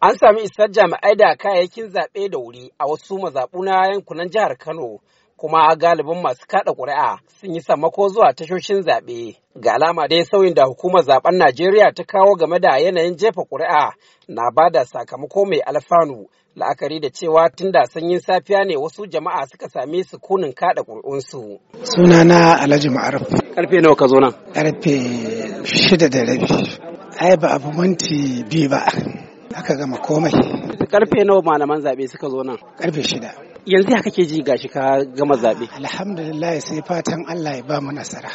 An sami isar jami'ai da kayayyakin zaɓe da wuri a wasu mazaɓu na yankunan jihar Kano kuma galibin masu kaɗa ƙuri'a sun yi sammako zuwa tashoshin zaɓe. Ga alama dai sauyin da hukumar zaben Najeriya ta kawo game da yanayin jefa ƙuri'a na ba da sakamako mai alfanu la'akari da cewa tun da sanyin safiya ne wasu jama'a suka sami sukunin kaɗa ƙuri'unsu. Sunana Alhaji Ma'arif. Karfe nawa ka zo nan? Karfe shida da rabi. Ai ba abu manti biyu ba. aka gama komai karfe nawa malaman zabe suka zo nan karfe shida yanzu haka ke ji gashi ka gama zabe alhamdulillah sai fatan Allah ya ba mu nasara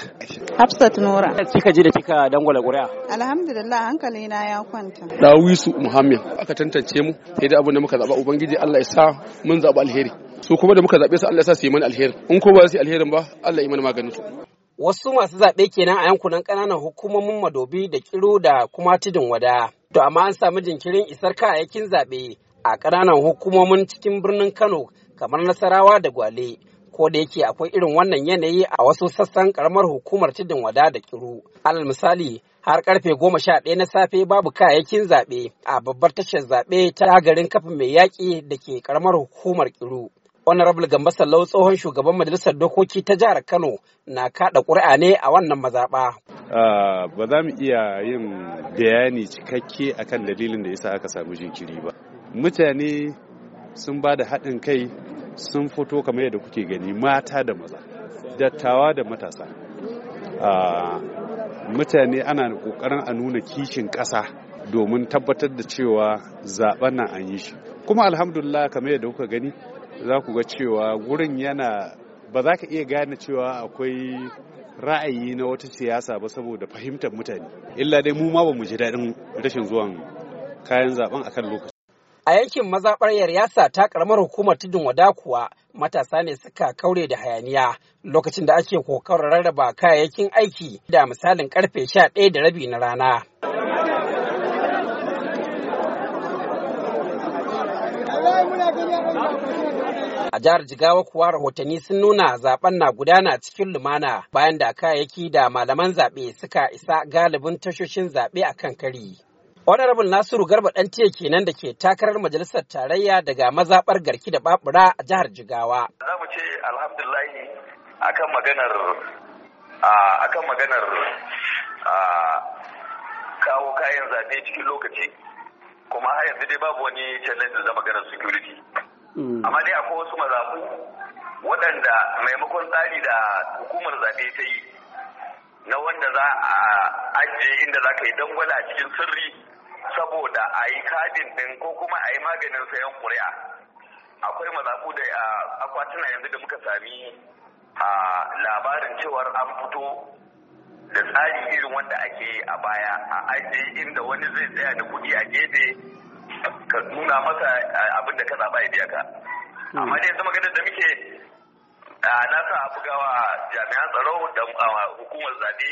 Hafsat Nura kika ji da kika dangwala ƙuri'a alhamdulillah hankali na ya kwanta Dawisu Muhammad aka tantance mu sai da abin da muka zaba ubangiji Allah ya sa mun zaba alheri su kuma da muka zabe su Allah ya sa su yi mana alheri in ko ba su yi alherin ba Allah ya yi mana maganin su wasu masu zaɓe kenan a yankunan ƙananan hukumomin madobi da kiro da kuma tudun wada To amma an samu jinkirin isar kayayyakin zaɓe a ƙananan hukumomin cikin birnin Kano kamar Nasarawa da Gwale. Ko da yake akwai irin wannan yanayi a wasu sassan ƙaramar hukumar tudun wada da kiru. Alal misali har karfe goma sha ɗaya na safe babu kayayyakin zaɓe a babbar tashar zaɓe ta garin kafin mai yaƙi da ke ƙaramar hukumar kiru. Honorable Gambo Sallau tsohon shugaban majalisar dokoki ta jihar Kano na kaɗa ƙuri'a ne a wannan mazaɓa. Ah, ba za mu iya yin bayani cikakke akan dalilin da yasa aka samu jinkiri ba mutane sun ba da haɗin kai sun fito kamar yadda kuke gani mata da maza dattawa da matasa ah, mutane ana ƙoƙarin a nuna kishin ƙasa domin tabbatar da cewa zaben nan an yi shi kuma alhamdulillah kamar yadda kuka gani za ku ga cewa gurin yana ba za ka iya gane cewa akwai ra'ayi na wata siyasa ba saboda fahimtar mutane illa dai mu ma ba mu ji daɗin rashin zuwan kayan zaben akan lokaci a yankin mazaɓar yaryasa ta karamar hukumar tudun wada kuwa matasa ne suka kaure da hayaniya lokacin da ake kokawar rarraba kayayyakin aiki da misalin karfe sha ɗaya da rabi na rana Thank you. jihar Jigawa kuwa rahotanni sun nuna zaben na gudana cikin lumana bayan da kayayyaki da malaman zaɓe suka isa galibin tashoshin zaɓe a kan kari. Honorable Nasiru Garba ɗan tiye kenan da ke takarar majalisar tarayya daga mazaɓar garki da babura a jihar Jigawa. Za mu ce alhamdulahi akan maganar akan maganar kawo kayan zaɓe cikin lokaci kuma a yanzu dai babu wani challenge na maganar security. Mm. amma dai akwai wasu mazaɓu waɗanda maimakon tsari da hukumar zaɓe ta yi na wanda za a ajiye inda za ka yi dangwala a cikin sirri saboda a yi kadin ɗin ko kuma a yi maganin sayan ƙuri'a akwai mazaɓu da akwatuna yanzu da muka sami a labarin cewar an fito da tsari irin wanda ake yi a baya a ajiye inda wani zai tsaya da kuɗi a gefe ka nuna masa eh, abin da ka zaɓa ya biya ka hmm. amma dai yanzu maganar da muke eh, na sa a gawa jami'an tsaro da eh, hukumar zaɓe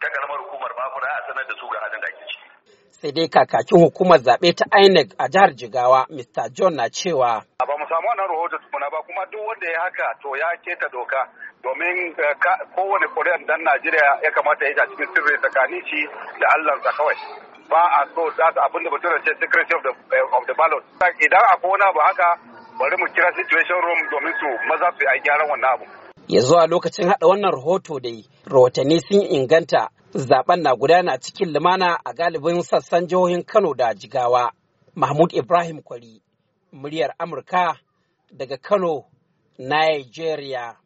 ta karamar hukumar bakura a sanar da su ga halin da ake ciki sai dai kakakin hukumar zabe ta INEC a jihar Jigawa, Mr. John na cewa. Ba mu samu wannan rahoto tukuna ba kuma duk wanda ya haka to ya keta doka domin kowane Korean dan Najeriya ya kamata ya cikin sirri tsakanin shi da Allahnsa kawai. ba a so su abin da mutum ce secret of the eh, of ballot idan akwai wani abu haka bari mu kira situation room domin su maza su yi gyaran wannan abu ya zuwa lokacin haɗa wannan rahoto dai rahotanni sun inganta zaben na gudana cikin lumana a galibin sassan jihohin Kano da Jigawa Mahmud Ibrahim Kwari muryar Amurka daga Kano Nigeria